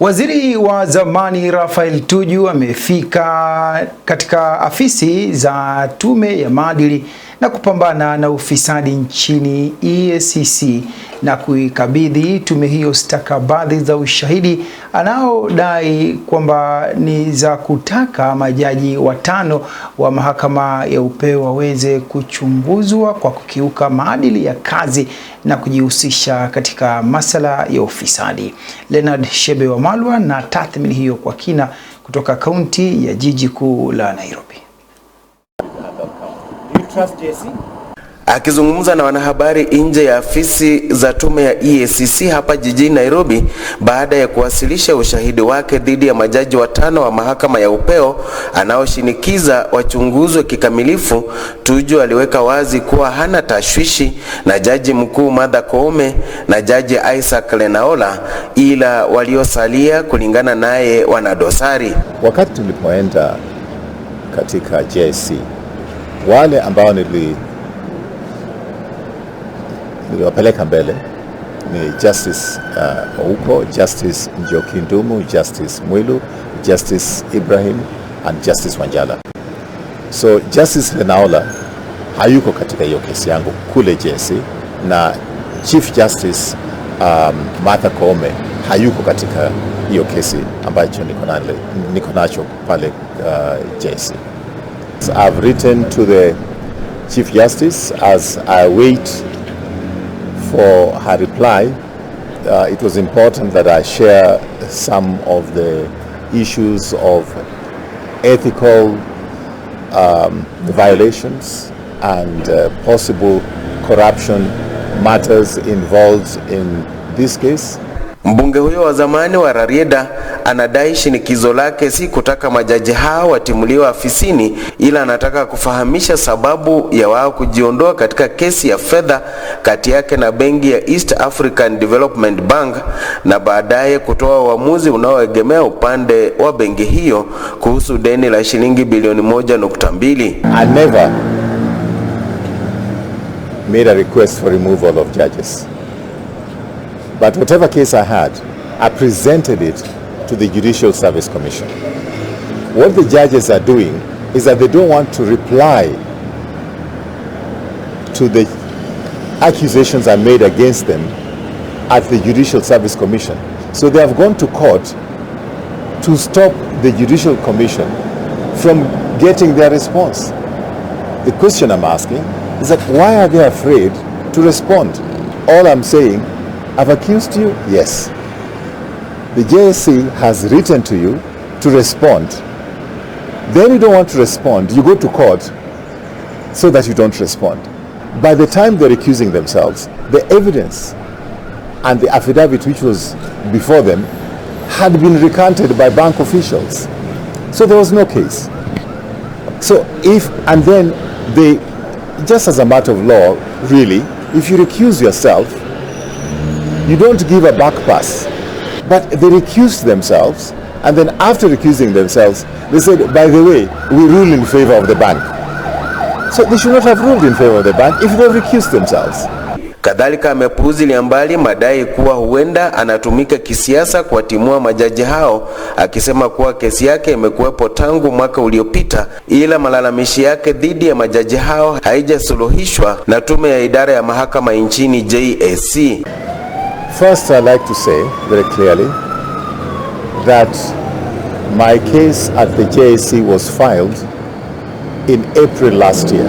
Waziri wa zamani rafael Tuju amefika katika afisi za Tume ya Maadili na Kupambana na Ufisadi nchini EACC na kuikabidhi tume hiyo stakabadhi za ushahidi anaodai kwamba ni za kutaka majaji watano wa Mahakama ya Upeo waweze kuchunguzwa kwa kukiuka maadili ya kazi na kujihusisha katika masala ya ufisadi. Leonard Shebe wa Malwa na tathmini hiyo kwa kina kutoka kaunti ya jiji kuu la Nairobi. Akizungumza na wanahabari nje ya afisi za tume ya EACC hapa jijini Nairobi baada ya kuwasilisha ushahidi wake dhidi ya majaji watano wa mahakama ya upeo anaoshinikiza wachunguzwe kikamilifu, Tuju aliweka wazi kuwa hana tashwishi na jaji mkuu Martha Koome na jaji Isaac Lenaola, ila waliosalia kulingana naye wana dosari. Wakati tulipoenda katika JSC wale ambao nili niliwapeleka mbele ni Justice uh, Ouko, Justice Njoki Ndumu, Justice Mwilu, Justice Ibrahim and Justice Wanjala. So Justice Lenaola hayuko katika hiyo kesi yangu kule JSC na Chief Justice um, Martha Koome hayuko katika hiyo kesi ambacho niko nacho pale uh, JSC. So I've written to the Chief Justice as I wait for her reply. Uh, it was important that I share some of the issues of ethical um, violations and uh, possible corruption matters involved in this case. Mbunge huyo wa zamani wa Rarieda anadai shinikizo lake si kutaka majaji hao watimuliwe afisini, ila anataka kufahamisha sababu ya wao kujiondoa katika kesi ya fedha kati yake na benki ya East African Development Bank na baadaye kutoa uamuzi unaoegemea upande wa benki hiyo kuhusu deni la shilingi bilioni moja nukta mbili. I never made a request for removal of judges. But whatever case I had, I presented it to the Judicial Service Commission. What the judges are doing is that they don't want to reply to the accusations are made against them at the Judicial Service Commission. So they have gone to court to stop the Judicial Commission from getting their response. The question I'm asking is that why are they afraid to respond? All I'm saying, I've accused you? Yes the JSC has written to you to respond. Then you don't want to respond, you go to court so that you don't respond. By the time they're accusing themselves, the evidence and the affidavit which was before them had been recanted by bank officials. So there was no case. So if, and then they, just as a matter of law, really, if you recuse yourself, you don't give a back pass But they recused themselves, and then after recusing themselves, they said, by the way, we rule in favor of the bank. So they should not have ruled in favor of the bank if they recused themselves. Kadhalika amepuuzilia mbali madai kuwa huenda anatumika kisiasa kuwatimua majaji hao, akisema kuwa kesi yake imekuwepo tangu mwaka uliopita, ila malalamishi yake dhidi ya majaji hao haijasuluhishwa na tume ya idara ya mahakama nchini JSC. First, I'd like to say very clearly that my case at the JSC was filed in April last year.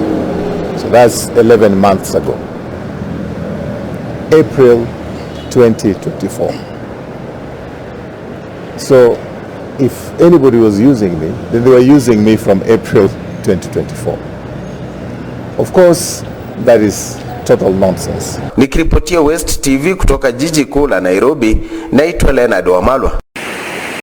So that's 11 months ago. April 2024. So if anybody was using me, then they were using me from April 2024. Of course, that is total nonsense. Nikiripotia West TV kutoka jiji kuu la Nairobi, naitwa Leonard Wamalwa.